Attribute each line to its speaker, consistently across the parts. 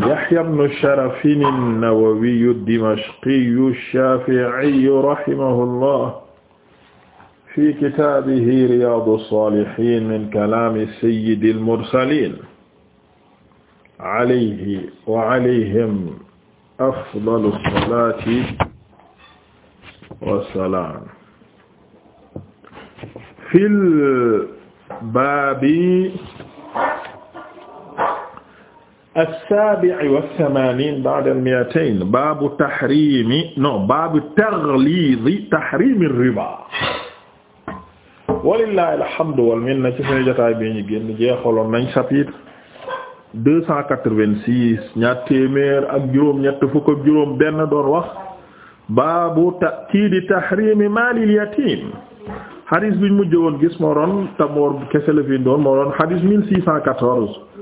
Speaker 1: Yahya ibn Sharafin an-Nawawi ad-Dimashqi ash-Shafi'i rahimahullah fi kitaabihi Riyaadu as-Saalihiin min kalaami sayyidi al-mursaliin alayhi wa alayhim afdalu as-salaati was-salaam fil baabi as-saabi' wa samaaniin ba'da al-mi'atayn baabu tahriimi non baabu taghliizi tahriimi riba walillaahi alhamdu wal minna ci suñu jotaay bi ñu génn jeexaloon nañ chapitre deux cent quatre-vingt-six ñaar téeméer ak juróom ñett fukk ak juróom benn doon wax baabu ta'kiidi tahriimi maalil yatiim hadis biñ mujj woon gis moo doon tamoor kese la fi doon six cent quatorze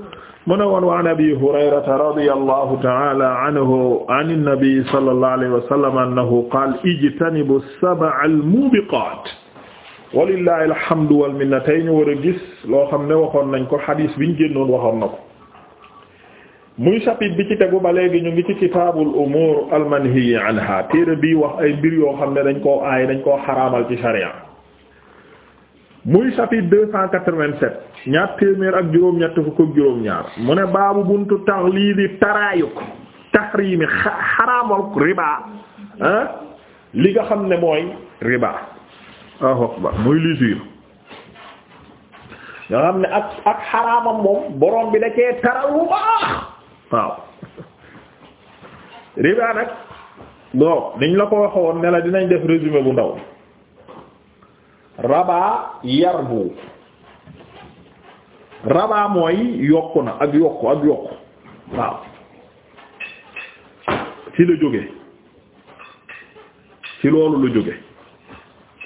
Speaker 1: mu ne woon wa an abi hurayrata radiyallahu ta'ala anhu an an-nabi sallallahu alayhi wa sallam annahu qaala ijtanibu as-sab'a al-mubiqaat walillahi alhamdu wal minna tey
Speaker 2: ñu war a gis loo xam ne waxoon nañ ko xadiis biñ génnoon waxoon na ko muy chapitre bi ci tegu ba léegi ñu ngi ci kitaabul umuur al-manhiyyi anhaa téere bii wax ay mbir yoo xam ne dañ koo aay dañ koo xaraamal ci sharia muy chapitre deux cent quatre-vingt-sept ñaar téeméer ak juróom-ñett fukk ak juróom-ñaar mu ne baabu buntu taxliidi taraayuk taxriimi xaraamal riba ah li nga xam ne mooy riba muy l'usure nga xam ne ak ak xaraamam moom borom bi da cee taral waaw riba nag bon niñ la ko waxoon ne la dinañ def résumé bu ndaw rabaa yarbu rabaa mooy yokku na ak yokk ak yokk waaw ci la jóge ci loolu la jóge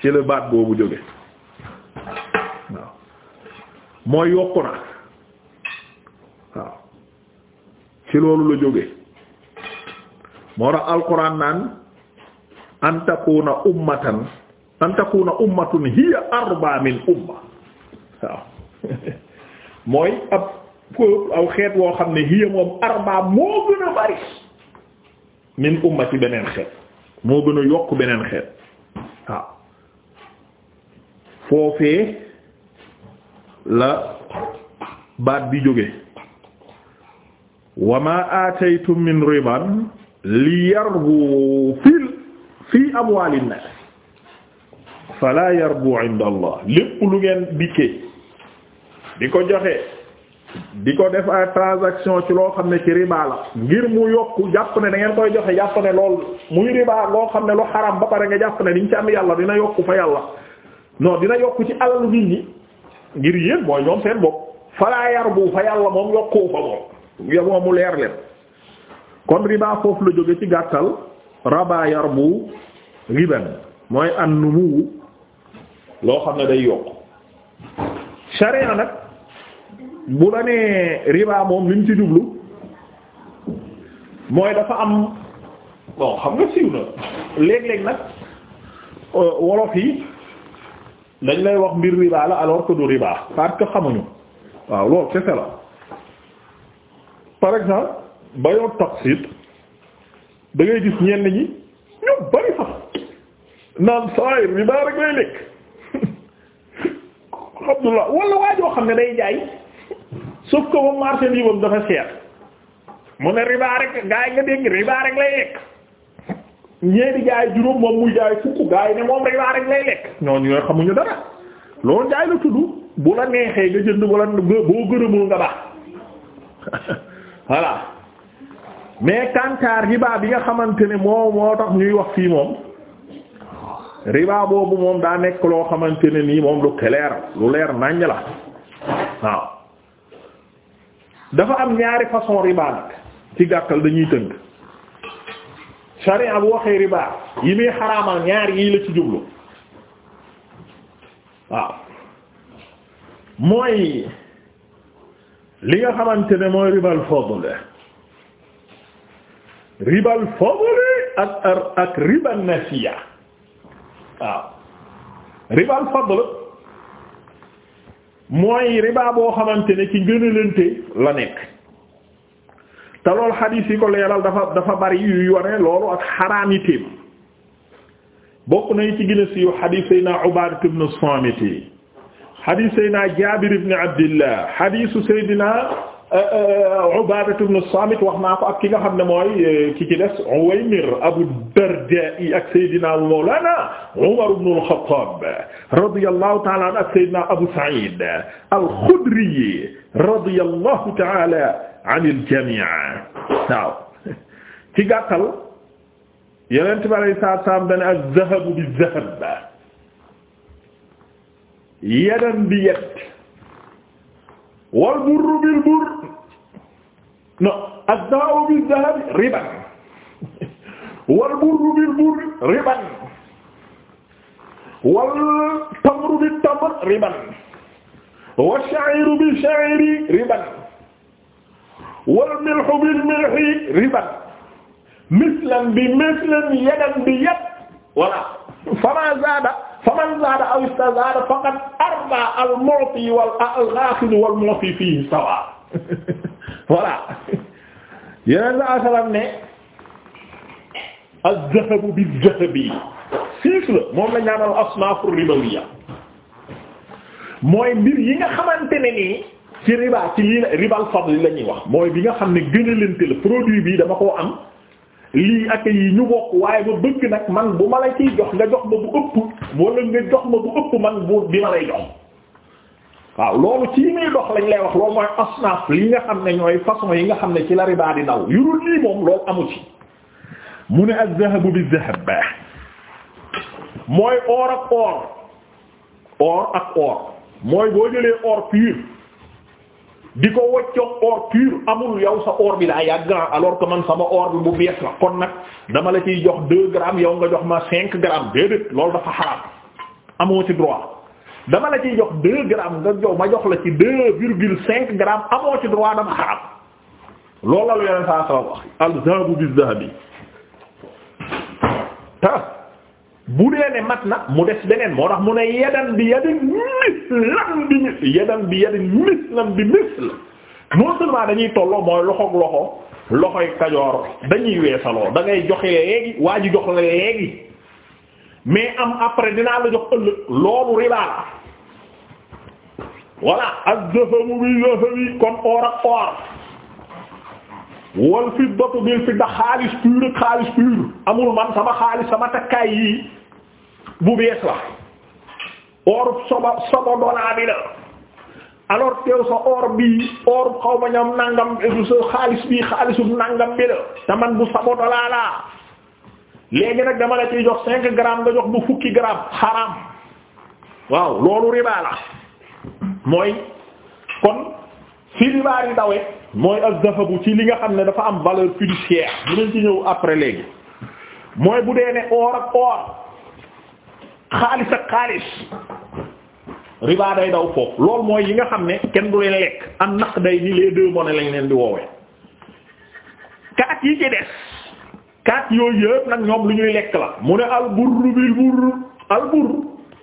Speaker 2: ci la baat boobu jóge waaw mooy yokku na waaw ci loolu la jóge moo tax alquran naan an ummatan an takuna ummatun hiya arba min umma waaw mooy ab ko aw xeet woo xam ne hiya moom arba moo gën a bari min umma beneen xeet moo gën a yokk
Speaker 1: beneen xeet foofee la baat bi jóge wa
Speaker 2: ma ataytum min riban li yarbu fil fi amwalin nas fala yarbu inda allah lépp lu ngeen dikkee di ko joxe di ko def ay transaction ci loo xam ne ci riba la ngir mu yokk jàpp ne da ngeen koy joxe jàpp ne lool muy riba loo xam ne lu xaram ba pare nga jàpp ne liñ ci am yàlla dina yokku fa yàlla non dina yokk ci alalu nit ñi ngir yéen mooy ñoom seen bopp fala yarbu fa yàlla moom yokkoo fa moom yo mu leer leen kon riba foofu la jóge ci gàttal raba yarbu riban mooy an numu
Speaker 1: loo xam ne day yokk
Speaker 2: sharia nag bu la nee riba moom li mu ci jublu mooy dafa am bon xam nga siiw na léeg-léeg nag euh, wolof yi dañ lay wax mbir riba la alors que du riba parce que xamuñu waaw loolu kese la par exemple bayoon taxit da ngay gis ñenn ñi ñu bari sax naan saa riba rek lay lekk. Abdullah wala waajoo xam ne day jaay sauf que moom marché bi moom dafa seet mu ne riba rek gaa yi nga dégg riba rek lay lekk ñee jaay juróom moom muy jaay fukk gaa ne moom riba rek lay lekk ñooñu ñooy xamuñu dara loolu jaay la tudd bu la neexee nga jënd wala boo gërëmul nga baax voilà mais kantaar riba bi nga xamante ne moom moo tax ñuy wax fii moom. riba boobu moom daa nekk loo xamante ne nii moom lu clair lu leer naññ la waaw dafa am ñaari façon riba nag ci gàttal dañuy tënk sharia bu waxee riba yi muy xaraamal ñaar yii la ci jublu waaw mooy li nga xamante ne mooy ribal fadl ribal fadl ak ak riba nasiya waaw ribaal fadl mooy riba boo xamante ne ci gënalante la nekk te loolu xadiis yi ko leeral dafa dafa bari yuy wane loolu ak xaraamiteem bokk nañu ci gën a siiw xadiis Seydina Ubaadata ibn Saamit xadiis Seydina Jaabir ibn Abdillah xadiisu Seydina Ubaadatu ibn Saamit wax naa ko ak ki nga xam ne mooy e, ki ci des Uwaymir Abu Dardaa ak Seydina Mawlaana Umar ibn al-Khattaab radiyallahu ta'ala anhu ak Seydina Abu Sa'iid al-Khudri radiyallahu ta'ala anil jamii' waaw ci gàttal Yonent bi alayhi salaatu wa salaam dana az-zahabu biz-zahab yadan bi yad wal burru bil burr no az-zahabu bil zahabi riban wal burru bil burr riban wal tamru bil tamr riban wa sha'iru bil sha'iri riban wal milhu bil milhi riban mislan bi mislan yadan bi yad wala fama zada faman zaada aw istazaada faqad arba al mu'ti wal al ghafid wal mu'ti fihi sawa voilà yeneen saa salaam ne az-zahabu biz-zahabi siis la moom la ñaanal asnaafur ribawiya mooy mbir yi nga xamante ne nii ci riba ci lii la ribal ñuy wax mooy bi nga xam ne gënalante la produit bi dama koo am. lii ak yi ñu bokk waaye ba bëgg nag man bu ma la ciy jox nga jox ma bu ëpp wala nga jox ma bu ëpp man bu bi ma lay jox waaw loolu ci muy dox lañ lay wax loolu mooy asnaaf li nga xam ne ñooy façon yi nga xam ne ci la riba di daw yurul lii moom loolu amu ci mu ne az-zahabu biz-zahab mooy or ak or or ak or mooy boo jëlee or pur di ko waccoog or pur amul yow sa or bi daa yàgg ah, alors que sama or bi bu bees la kon nag dama la ciy jox deux grammes yow nga jox ma cinq grammes déedéet loolu dafa xaraam amoo ci droit dama la ciy jox deux grammes nga jox ma jox la ci deux virgule cinq grammes amoo ci droit dafa xaraam loolu la lu yeneen saa saa al zahabu bi zahabi bu dee ne mat na mu des beneen moo tax mu ne yadan bi yadin mislan bi misl yadan bi yadin mislan bi misl non seulement dañuy tolloo mooy loxoog loxo loxoy kajoor dañuy weesaloo da ngay joxe léegi waa ji jox la léegi mais am après dinaa la jox ëllëg loolu riba la voilà az-zahabu bi zahabi kon or ak or wal fiddatu bil fidda xaalis pur xaalis pur amul man sama xaalis sama takkaay yi bu bees la or soba soba dollaa bi la alors teew sa or bi or xaw ma ñam nangam sa xaalis bi xaalisum nangam bi la te man bu saba dollaa laa léegi nag dama la ciy jox cinq grammes nga jox bu fukki grammes xaraam waaw loolu ribaa la mooy kon fi ribaa yi dawe mooy az-zahabu ci li nga xam ne dafa am valeur fiduciaire dinañ ci ñëw après léegi mooy bu dee ne or ak or. xaalis ak xaalis riba daw foofu loolu mooy yi nga xam ne kenn du leen lekk am naq day ni les deux monnaies lañ leen di woowee kaat yi ci des kaat yooyu yëpp nag ñoom lu ñuy lekk la mu ne albur bil bur albur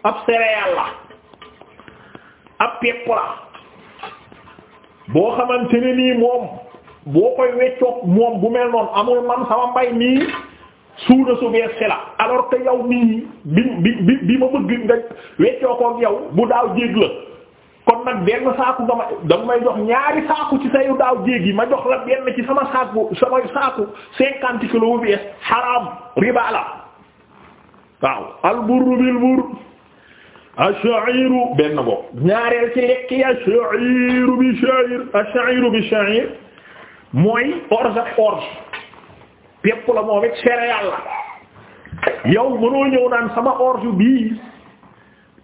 Speaker 2: ab céréale la ab pepp la boo xamante ne nii moom boo koy weccoog moom bu mel noonu amul man sama mbay nii suuna su bees si la que yow mi bi bi bi ma bëgg nga weccoo koog yow bu daaw jéeg kon nag benn saaku nga ma danga may jox ñaari saaku ci sayu daaw jéeg ma dox la benn ci sama saaku sama saaku cinquante kilos bu bees xaraam riba la waaw alburu bil bur ash-sha'iru benn bopp ci lekk yi ash-sha'iru sha'ir ash-sha'iru bi sha'ir mooy orge ak pepp la moom it céréale la yow mënoo ñëw naan sama orge bii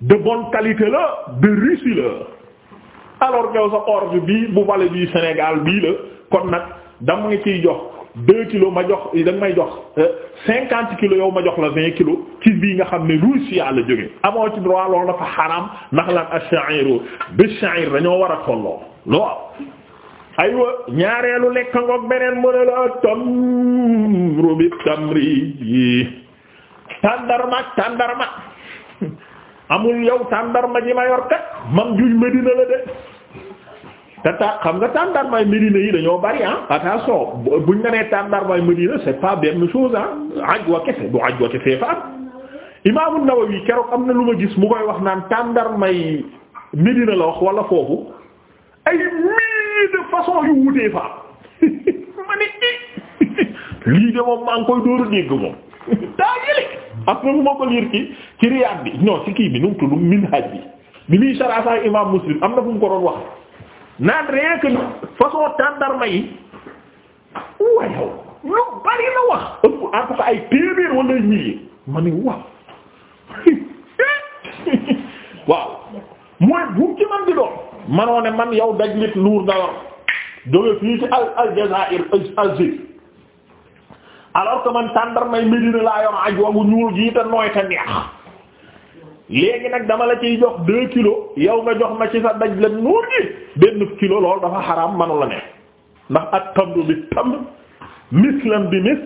Speaker 2: de bonne qualité la de Russie la alors yow sa orge bii bu vallée bii Sénégal bii la kon nag dama ngi ciy jox deux kilos ma jox da may jox euh, cinquante kilos yow ma jox la vingt kilos ci bii nga xam ne Russie la jóge amoo ci droit loolu dafa xaram ndax lan ash-sha'iru bi sha'ir dañoo war a tolloo lool aywa ñaareelu lekk ngoog beneen mu ne la tamru bi tàndarma tàndarma amul yow tàndarma ji ma yor mam juñ Medina la de te ta xam nga tàndarmaay Medina yi dañoo bari ah buñ la nee tàndarmaay Medina c'est pas benn chose ah ajwa kese bu ajwa kese fa am Imaamu Nawawi keroog am na lu ma gis mu koy wax naan tàndarmaay Medina la wax wala foofu. ay mille de façon yu fa ma i eh. lii de moom maa ngi koy dóoru dégg moom daa jëli après bu ma ko liir ci ci bi non ci kii bi nu mu tudd Minhaj bi bi muy sharh Sahih Imam Muslim am na fu mu wax naan rien que façon tàndarma yi wayow lu bari la wax ëpp en tout cas ay téeméer wala ay milliers ma ne waaw eh. waaw mooy bu ci man di doon manoo man yow daj lit luur nga yor jóge fii ci al aljazair algir alors que man Médina laa yor aj wagu ñuul gii te nooy te neex léegi nag dama la ciy jox deux kilo yow nga jox ma ci sa daj lit nuur gi benn kilo loolu dafa xaram manu la ne ndax at tamdu bi tamd mislam bi mis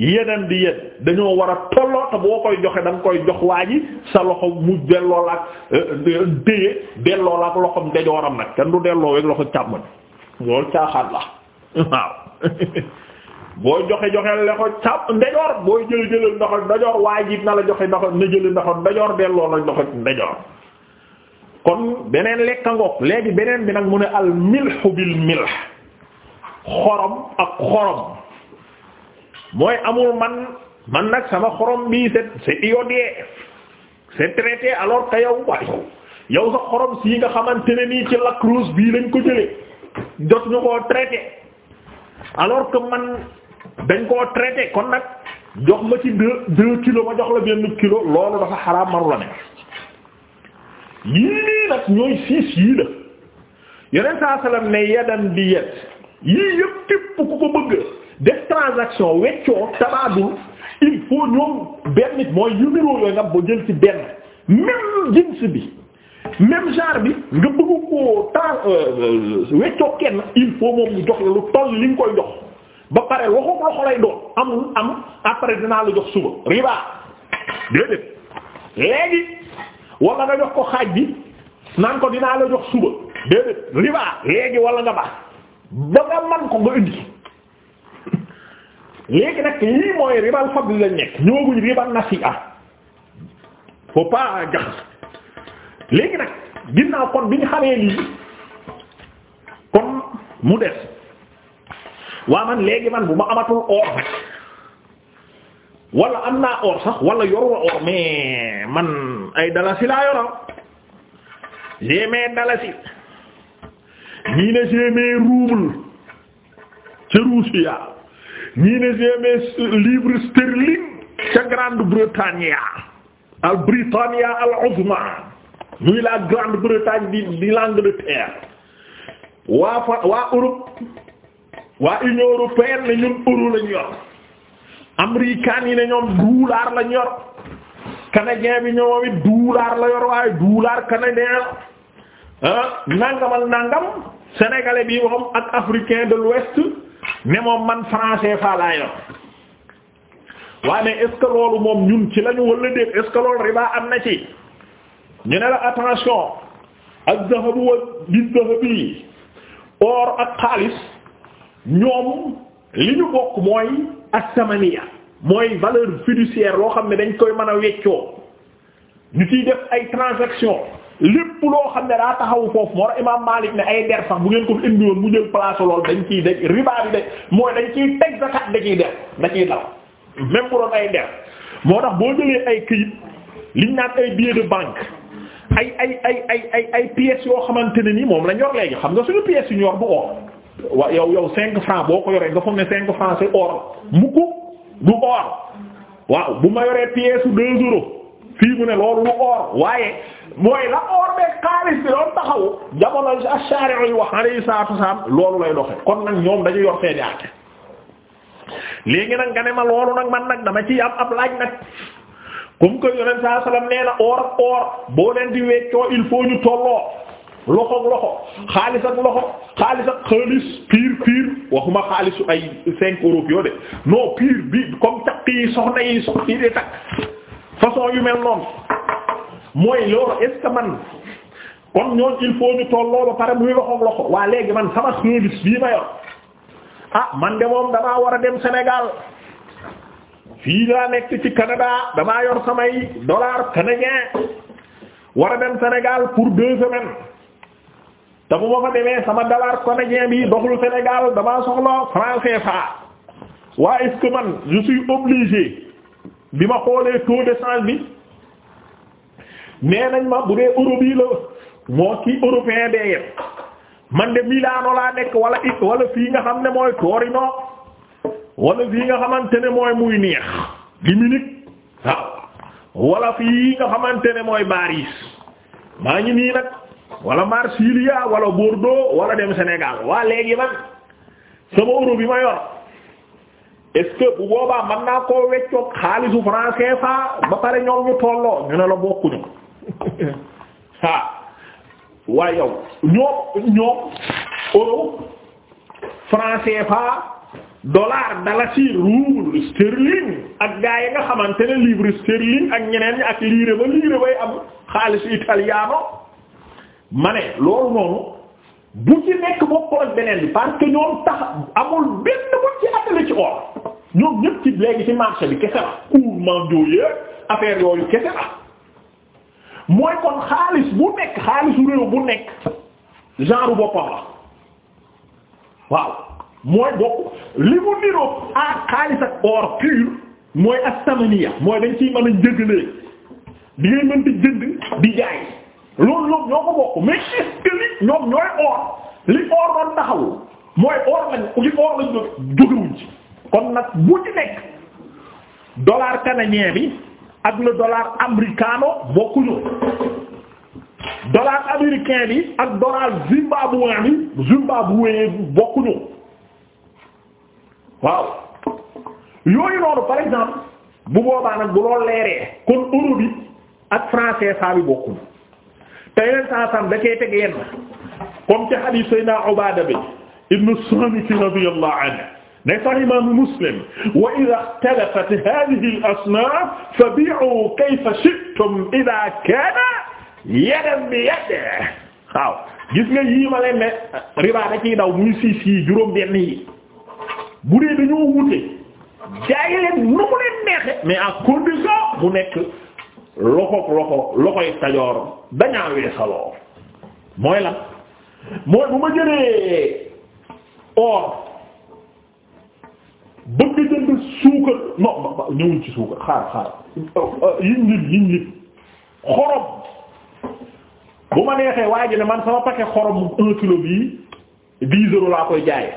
Speaker 2: yeneen di yéen dañoo war a tolloo te boo koy joxee da koy jox waa ji sa loxo mu delloo la ak euh, téye delloo la ak loxom ndeyjooram nag kenn du delloo ak loxo càmmoñ loolu caaxaan la
Speaker 1: waaw
Speaker 2: boo joxe joxe càmm ndeyjoor boo jël jëlal loxo ndeyjoor waa ji na la joxe loxo na jëli loxo ndeyjoor delloo la loxo ndeyjoor kon beneen lekka ngoog léegi beneen bi nag mu ne al milhu bil milh xorom ak xorom. mooy amul man man nag sama xorom bi c'est c'est iodé c'est traité alors que yow waay yow sa xorom sii nga xamante ne nii ci la Croce bii lañ ko jëlee jot ñu ko traité alors que man dañ ko traité kon nag jox ma ci deux deux kilos ma jox la benn kilo loolu dafa xaraam manu la ne yii nag ñooy siis yii la yeneen saa salaam ne yadan bi yet yii yëpp képp ku ko bëgg def transaction weccoo tabaadul il faut ñoom benn nit mooy numéro yooyu nga ba jël ci benn même jins bi même genre bi nga bëgg koo trans euh, euh, weccoo kenn il faut moom mu jox la lu toll li nga koy jox ba pare waxu loxo lay doon amul am après dinaa la jox suba riba déedéet léegi wala nga jox ko xaaj bi naan ko dinaa la jox suba déedéet riba léegi wala nga baax ba man ko nga indi léegi nag lii mooy ribal fadl lañ nekk ñooguñ ribal nasi'a faut pas jaxas léegi nag ginnaaw kon bi ñu xamee lii kon mu des waa man léegi man bu ma amatul or wala am naa or sax wala yoruma or mais man ay dalasi laa yoro jéemee dalasi ñii ne jéemee rouble ca Russie ñii ne j'aimais livre sterling ca Grande-Bretagne al Britannia al uzma muy la Grande-Bretagne di di l'Angleterre waa fa waa Europe waa Union européenne ne ñun euro lañu yor américain yi ne ñoom dollar lañu yor canadien bi ñoom it dollar la yor waaye dollar canadien ah nangamal nangam sénégalais bi moom ak africain de l'ouest ne moom man français fa laa yor waaye mais est-ce moom ñun ci lañu walla déet est-ce que loolu am na ci ñu ne la attention az-zahabu wa biz-zahabi or ak xaalis ñoom li ñu bokk mooy as-samaniya mooy valeur fiduciaire loo xam ne dañ koy mën a weccoo ñu ciy def ay transaction lépp loo xam ne daa taxawu foofu moo tax imaam Maalik ne ay der sax bu ngeen ko fi indiwoon mu jël place lool dañ ciy def riba bi de mooy dañ ciy teg zakat da ciy def da ciy dal même bu doon ay der moo tax boo jëlee ay këyit liñ naan ay billet de banque ay ay ay ay ay ay pièces yoo xamante ne ni moom lañ ñor léegi xam nga suñu pièces yu ñor bu or wa yow yow cinq francs boo ko yoree nga foog ne cinq francs c'est or mukk du or waaw bu ma yoree pièce deux mu ne loolu lu waaye. mooy la or beeg xaalis bi doon taxawu jamono ashari'u yi wax alayhi salaatu wasalaam loolu lay doxe kon nag ñoom dañu yor seeni àtte léegi nag nga ne ma loolu nag man nag dama ci am ab laaj nag comme que yonent saa salaam nee na or boo leen di weccoo il faut ñu tolloo loxo ak loxo xaalis ak loxo xaalis ak xaalis piir piir waxuma xaalisu ay cinq euros yoo de non piir bi comme takk yi soxna yi soxna yi de takk façon yu noonu. mooy loolu est-ce que man kon ñoon il faut ñu tolloo ba pare muy loxoog loxo waa léegi man sama service bii ma yor ah man de moom damaa war a dem Sénégal fii laa nekk ci Canada damaa yor samay dollar canadien war a dem Sénégal pour deux semaines te bu ma fa demee sama dollar canadien bi doxul Sénégal damaa soxla franc CFA waa est que man je suis bi ma xoolee taux de change bi nee nañ ma bu dee Europe yi la moo ci européen bee man de Milano laa nekk wala it wala fii nga xam ne mooy Torino wala fii nga xamante ne mooy muy neex di Munich waaw wala xamante ne mooy Paris maa ngi nii walla wala Marsilia wala Bordeaux wala dem Sénégal waa léegi man sama euro bi ma yor est que bu boobaa mën naa koo weccoog xaalisu français fa ba pare ñoom ñu tolloo ñu ne la bokkuñu. ah waaye yow ñoom ñoom euro franc CFA dollar dalasi rouble sterling ak gaa yi nga xamante ne livre sterling ak ñeneen yi ak liire ba liire bay am xaalis italiano ma ne loolu noonu bu ci nekk bokkul ak beneen bi parce que ñoom tax amul benn bu ci attale ci or ñoom ñëpp ci léegi ci marché bi kese la cours mondiaux yépp affaire yooyu kese la mooy kon xaalis bu nekk xaalisu réew bu nekk genre boppam la waaw mooy bokk li mu niroog ah xaalis ak or pur mooy astamaniya mooy dañ ciy mën a jëgalee di ngay mën di jënd di jaay loolu loolu ñoo ko bokk mais est-ce que li ñoom ñooy or li or doon taxawul mooy or lañ li or lañ jógewuñ kon nag bu ci nekk dollar canadien bi ak le dollar americano bokkuñu dollar américain bi ak dollar zimbabwéen bi zimbabwéen bokkuñu waaw yooyu noonu par exemple bu boobaa nag bu loolu leeree kon euro bi ak français saa bi bokkuñu te yeneen saa sam da cee teg yenn comme ci hadith sayna Ubaada bi ibnu Saamit radiyallahu anhu ne sax imaamu Muslim wa idaa ixtalafat haadihi al-asnaaf fabii'uu kayfa shi'tum kaana yadan bi yad waaw gis nga yii ma leen ne riba da ciy daw muy siis yi juróom bu dee dañoo wute jaay leen nu mu leen neexe mais à condition bu nekk loxoog loxo loxoy tajoor dañaa weesaloo mooy lan mooy bu ma jëlee or. suukar non ba ñëwuñ ci suukar xaar xaar yiñ lim yiñ lim xorom bu ma neexee waa ji ne man sama paquet xorom un kilo bii dix euros laa koy jaaye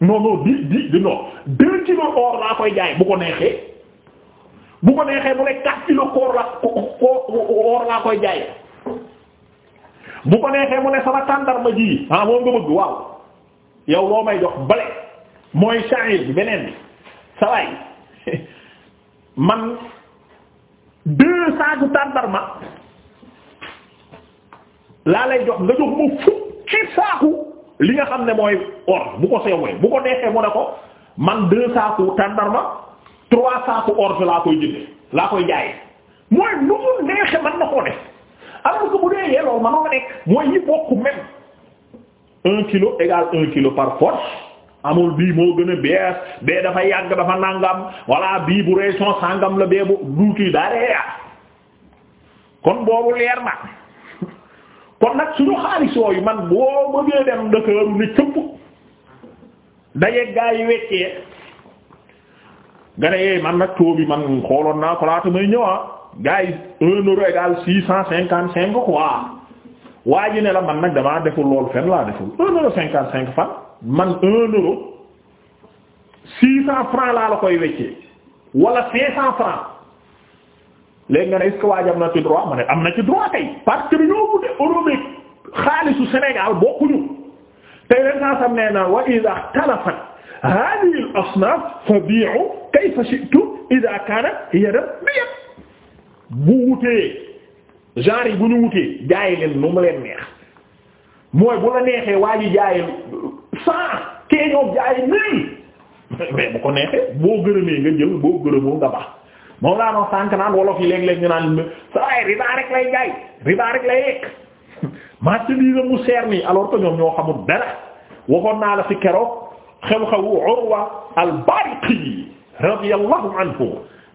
Speaker 2: non non di di di non deux kilos or laa koy jaay bu ko neexee bu ko ne quatre kilos koor la or laa koy jaay bu ko neexee mu ne sama tàndarma ji ah moom nga bëgg waaw yow loo may jox bale mooy sha'ir bi beneen bi saway man deux saaku tàndarma laa lay jox nga jox ma fukki saaku li nga xam ne mooy or bu ko seewee bu ko neexee mu ne ko man deux saaku tàndarma trois saaku or laa koy jënd laa koy jaayee mooy lu mu neexee man na koo def alors que bu dee yee loolu manoo nekk mooy yi bokk même un kilo égale un kilo par force amul bii moo gën a bees bee dafa yàgg dafa nangam walla bii bu région sangam la bee bu duuti daaree kon boobu leer na kon nag suñu xaalis yooyu man boo bëggee dem Ndakaaru ne cëpp dajeeg gaa yi weccee nga ne eh, man nag taux bi man xooloon naa ko laata may ñëwaat ah, gaa yi un euro égal six cent cinquante cinq quoi waa ji ne la man nag damaa deful loolu fenn laa deful un euro cinquante cinq fan. man un euro six cent francs laa la koy weccee wala cinq cent francs léegi nga ne est-ce que waajam na ci droit ma ne am na ci droit kay parce que dañoo wute euro bi xaalisu Sénégal bokkuñu tey ren saa sam nee na wa idha ikhtalafat hadhihi al-asnaf fabi'u kayfa shi'tum idha kanat yadan bi yad bu wutee genre yi bu ñu wutee jaay leen nu mu leen neex mooy bu la neexee waa ji jaayee cent kee ñoo jaay mille mais bu ko neexee boo gërëmee nga jël boo gërëmoo nga baax moom laa noon sànk naan wolof yi léeg-léeg ñu naan sa waaye riba rek lay jaay riba rek lay lekk marchandise mu seer nii alors que ñoom ñoo xamul dara waxoon naa la fi keroog xew-xewu Urwa al-Bariqi radiyallahu anhu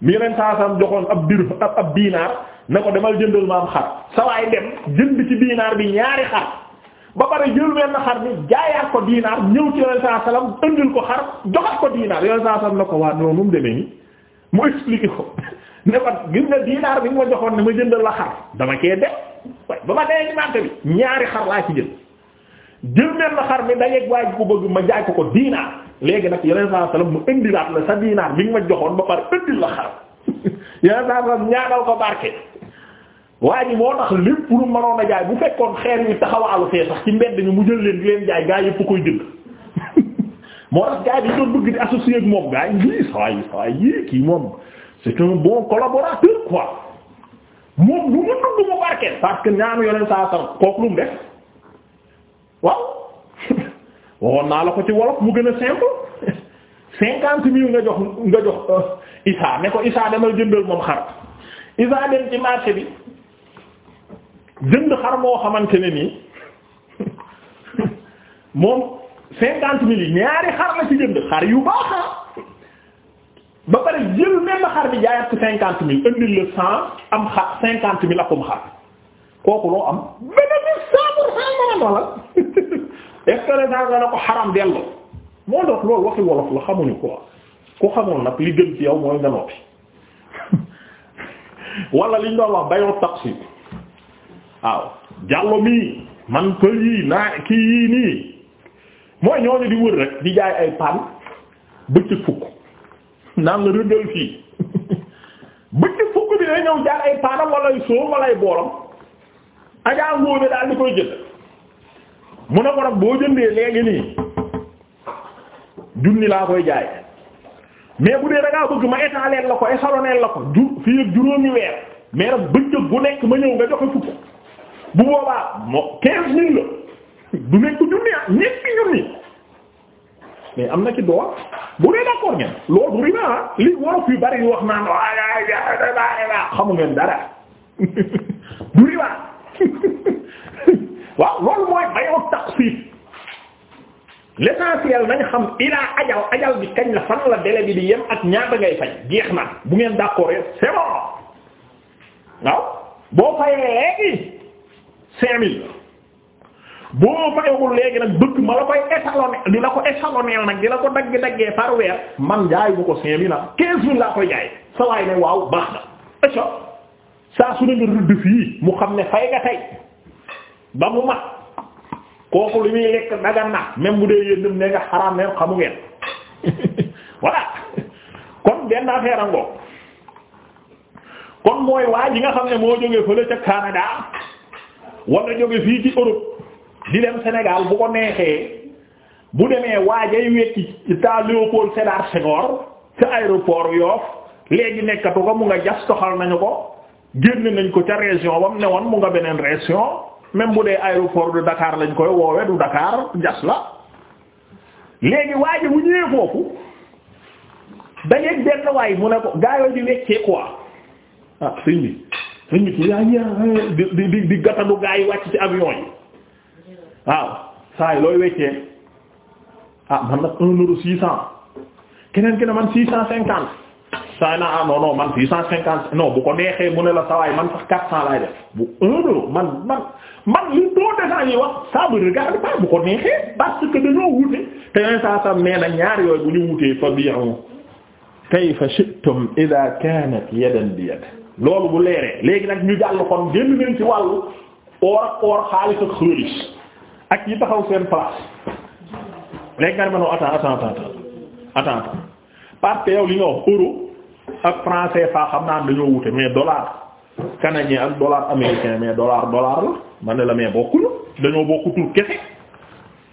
Speaker 2: mii ren saa sam joxoon ab dir ab ab diinaar ne ko demal jëndal ma am xar sa waay dem jënd ci diinaar bi ñaari xar ba pare jël benn xar ni jaayaat ko diinaar ñëw ci yonent saa salaam ëndil ko xar joxat ko diinaar yonent saa salaam na ko waa noonu mu demee nii mu expliqué ko ne gis nga diinaar bi nga joxoon ne ma jëndal la xar dama cee dem waaye ba ma dee ci marché bi ñaari xar laa ci jël jël benn xar mi dajeeg waa ji ko bëgg ma jaay ko ko diinaar léegi nag yonent saa salaam mu indilaat la sa diinaar bi nga ma joxoon ba pare ëndil la xar yonent saa salaam ñaanal waa ji moo tax lépp lu mënoon a jaay bu fekkoon xeer yu taxawaalu fee sax ci mbedd mi mu jël leen di leen jaay gaa yëpp koy jënd moo tax gaa yi dañu doon bëgg di associer ak moom gaa yi ngi saa yi saa moom lu mu dund mu barkeel parce que ñaanu yoneen saa sax kooku lu mu waaw waxoon naa la ko ci wolof mu gën a simple cinquante mille nga jox nga jox euh, Isaa ne ko Isaa demal jëndal moom xar Isaa dem ci marché bi. jënd xar moo xamante ne nii moom cinquante mille yi ñaari xar la ci jënd xar yu baax ah. ba pare jël même xar bi jaayaat ci cinquante mille indil le cent am xar cinquante mille akum xar kooku loo am bénéfice cent pour cent maanaam wala est ce que le sens na ko xaram delloo moo dox loolu waxi wolof la xamuñu quoi ku xamoon nag li gën ci yow mooy nga noppi wala liñ doon wax bayoo taksi waaw jàllo mii man pël yii naa kii yii nii mooy ñooñu di wër rek di jaay ay pan bëccëg fukk naan la rëndal fii bëccëg fukk di day ñëw jaar ay paanam wala ay sóom wala ay boolam ajaa ngóobe daal di koy jënd mu ne ko nag boo jëndee léegi nii junni laa koy jaay mais bu dee da ngaa bëgg ma étaler la ko échelonner la ko ju fii ak juróomi weer mais nag bëccëg bu nekk ma ñëw nga joxe fukk bu boobaa moo quinze mille la du nekk junni ah ñetti junni mais am na ci doole bu dee d'accord ngeen loolu riba ah li wolof yu bari yu wax naan waaw xamu ngeen dara du riba waaw loolu mooy bayoo taqsiit l'essentiel nañ xam ilaa ajal ajal bi kañ la fan la délai bi na bu ngeen d'accord boo fayee léegi cinq mille boo fayagul léegi nag bëgg ma la koy échelonné di la ko échelonné nag di la ko dagg daggee par weer man jaay bu ko cinq mille ah quinze mille laa koy jaay sa waay ne waaw baax na écho saa su ne nga rëdd fii mu xam ne fay nga tey ba mu mat kooku li muy lekk dagan na même bu dee yéen ne nga xaraam ne xamu ngeen voilà kon benn affaire a ngoog kon mooy waa ji nga xam ne moo jógee fële ca Canada. wala jóge fii ci Europe di dem Sénégal bu ko neexee bu demee waajay wekki ta Léopold Sédar Senghor ca aéroport Yoff léegi nekkatu ko mu nga jas toxal nañu ko génn nañ ko ca région bam ne woon mu nga beneen région même bu dee aéroport de Dakar lañ koy woowe du Dakar jas la léegi waaji bu ñëwee foofu dajeeg benn waay mu ne ko gaayoo di weccee quoi ah sëñ bi dañu ci yaa eh, di di di gàttandu gaa yi wàcc ci avion yi waaw saa yi looy weccee ah man nag six cent keneen ki ne man six cent cinquante saa yi naa ah non non cent bu ko neexee mu ne la sawaay man sax quatre cent laay def bu un man man man li taux de change yi wax ça me regarde bu ko neexee parce que dañoo wute te yooyu saa saa nee na ñaar yooyu bu ñu wutee fa biiru shi'tum idha kanat yadan bi yad loolu bu leeree léegi nag ñu jàll kon génn nañ ci wàllu or ak or xaalis ak xaalis ak yi taxaw seen place léegi nga ne ma non attends attends attends attends parce que yow li nga euro ak franc CFA xam naa dañoo wute mais dollar canadien ak dollar américain mais dollar dollar la ma ne la mais bokkuñu dañoo bokku tur kese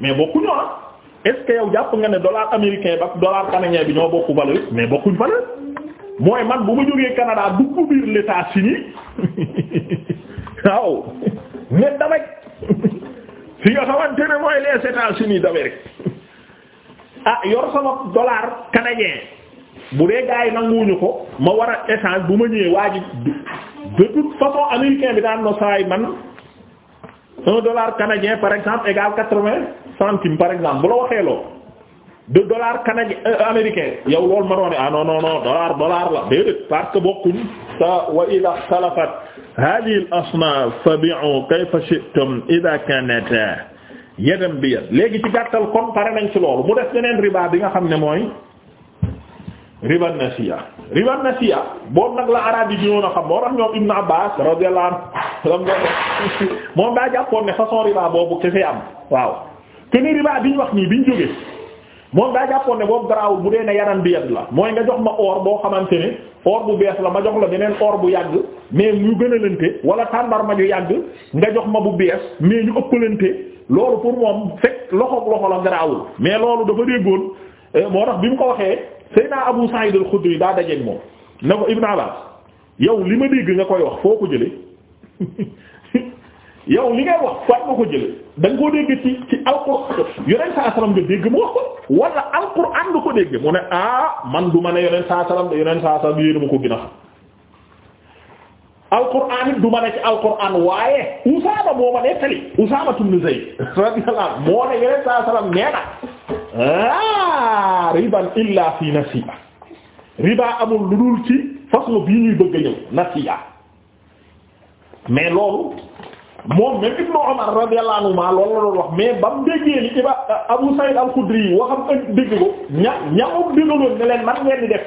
Speaker 2: mais bokkuñu ah est-ce jàpp nga ne dollar américain ba dollar canadien bi ñoo bokku valeur mais bokkuñ valeur. mooy man bu ma jógee Canada dugg biir l'État-Unis waaw ne damay fi nga xamante ne mooy les États-Unis d'Amérique ah yor sama dollar canadien bu dee gars yi nanguwuñu ko ma war a échange bu ma ñëwee waa de toute façon américain bi daan na saay man un dollar canadien par exemple égal quatre-vingts centimes par exemple bu la waxee loolu de dollar canadien euh, américain yow loolu ma doon ah non non non dollar dollar la déedéet parce que bokkuñ ta wa ida xtalafat hadihi shi'tum ida kanat yadan bi yad léegi ci gàttal kon pare nañ ci loolu mu def beneen riba bi nga xam ne mooy riba nasiya riba nasiya boobu nag la arab yi ñoo na xam moo tax ñoom Ibn Abbas radiyallahu anhu moom daa jàppoon ne façon riba boobu kese am waaw te ni riba wax nii biñ jógee moom daa jàppoon ne boobu garaawul bu dee ne yaram bi yàgg la mooy nga jox ma or boo xamante ne or bu bees la ma jox la beneen or bu yàgg mais ñu gën a lente wala tàndar ma ñu yàgg nga jox ma bu bees mais ñu ëppalante loolu pour moom fekk loxoog loxo la garaawul mais loolu dafa déggoon euh, moo tax bi mu ko waxee Seydina Abu Sa'id al-Khudri daa dajeeg moom ne ko Ibn Abbas yow li ma dégg nga koy wax foo ko jëlee yow li ngay wax fan nga ko jëlee. da nga koo dégg ci ci alquran yonent saa salaam nga dégg mu wax ko wala alquran nga ko dégg mu ne ah man du ma ne yonent saa salaam de yonent saa salaam yéen ma ko gën a xam alquran it du ma ne ci alquran waaye Usaama moo ma nettali Usaama ibn Zayd radiyallahu moo ne yonent saa salaam nee na
Speaker 1: ah
Speaker 2: riban illa fi nasiya riba amul lu dul ci façon bii ñuy bëgg ñëw nasiya mais loolu. moom même Ibnu Umar radiyallahu anhu loolu la doon wax mais ba mu déggee li ci ba Abu Saïd al-Khudri yi waxam ënd dégg ko ña ñamum digaloon ne leen man ngeen di def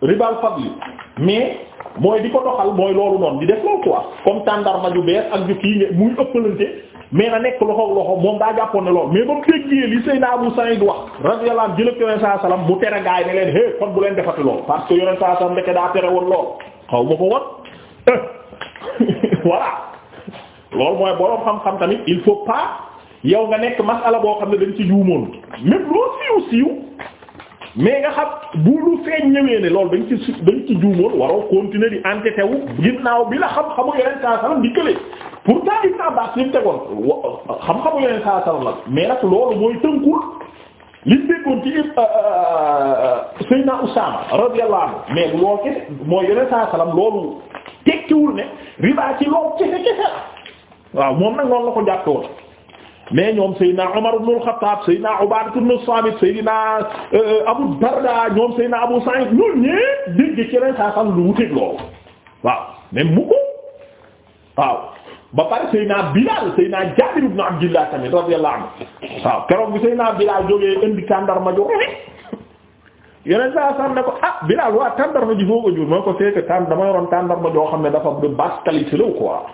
Speaker 2: ribal fadli mais mooy di ko doxal mooy loolu noonu di def loolu quoi comme tàndarma ju bees ak ju kii nge muy ëppalante mais na nekk loxo loxo moom daa jàppoon ne loolu mais ba mu déggee li Seydina Abu Saïd wax radiyallahu anhu jëlëb yoneen mu tere gaay ne leen hé kon bu leen defati loolu parce que yoneen saa sallam ndeke daa tere woon loolu mooy boroom xam-xam tamit il faut pas yow nga nekk masala boo xam ne dañ ci juumoon même loo siiw siiw mais nga xam bu lu feeñ ñëwee ne loolu dañ ci ci juumoon waroo continuer di entêté wu ginnaaw bi la xam-xamu yeneen saa salaam di kële pourtant Ibn Abbas li mu tegoon xam-xamu yeneen saa salaam la mais nag loolu mooy tënkul li mu déggoon ci euh, euh, Seydina Usaama radiyallahu anhu mais loolu kese mooy yeneen saa loolu tekkiwul ne riba ci loolu kese waaw moom nag noonu la ko jàppe woon mais ñoom Seydina Omar ibn al-Khattab Seydina Ubadah ibn Samit Seydina euh, Abu Darda ñoom Seydina Abu Sa'id ñoom ñëpp dégg ci ren saa xam lu wuteeg loolu waaw même mu waaw ba pare Seydina Bilal Seydina Jabir ibn Abdillah tamit radiyallahu anhu waaw keroog bi Seydina Bilal jógee indi tàndarma ju rafet yeneen saa sànni ne ko ah Bilal waa tàndarma ji foo ko jur moo ko fekk tànn joo xam ne dafa basse qualité la quoi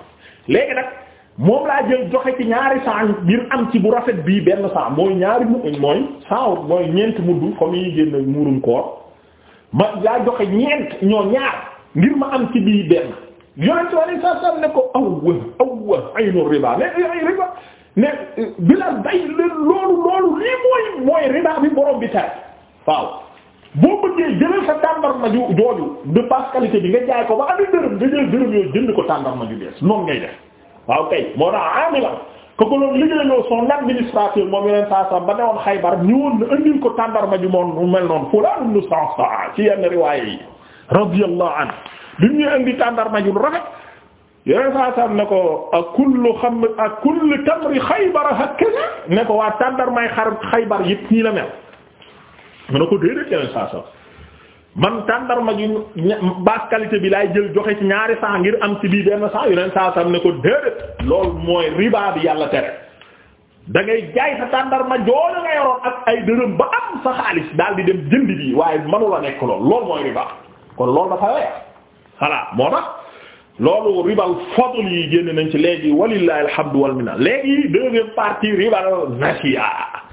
Speaker 2: moom laa jël joxe ci ñaari sang ngir am ci bu rafet bii benn saa mooy ñaari mu mooy sang mooy ñeent mudd comme génn muurum koor ma laa joxe ñeent ñoo ñaar ngir ma am ci bii benn yonent wala sa sam ne ko awwa awwa aynu riba ne ay riba ne bilal day loolu loolu lii mooy mooy riba bi borom bi tar waaw boo bëggee jëlal sa tàndarma ju jooju de bi nga jaay ko ba ami dërëm nga jël dërëm yooyu jënd ko tàndarma ju bees noonu ngay def waaw kay moo tax amila ko ko loolu liggéeyloo son administrateur moom yeneen saa saa ba ne woon Xaybar ñëwoon na andil ko tàndarma ju mel noonu fulaan ibn Sa'sa'a ci yenn riwaaya yi radiyallahu anhu bi mu ñu indi ju rafet yeneen saa saa ne ko ak kullu xam ak kullu tamri Xaybar hakaza ne ko waa tàndarmay xar Xaybar yëpp nii la mel mu ne ko déedéet yeneen saa saa man tàndarma ji basse qualité bi laay jël joxe ci ñaari saa ngir am ci bii benn saa yeneen saa sam ne ko déedéet loolu mooy riba bi yàlla tere dangay ngay jaay sa tàndarma jooju nga yoroon ak ay dërëm ba am sa xaalis daal di dem jëndi bi waaye manu la nekk lool loolu mooy riba kon loolu dafa weex voilà moo tax loolu ribal fadl yi génn nañ ci léegi walillahi alhamdu wal minna léegi deuxième partie ribal nasiya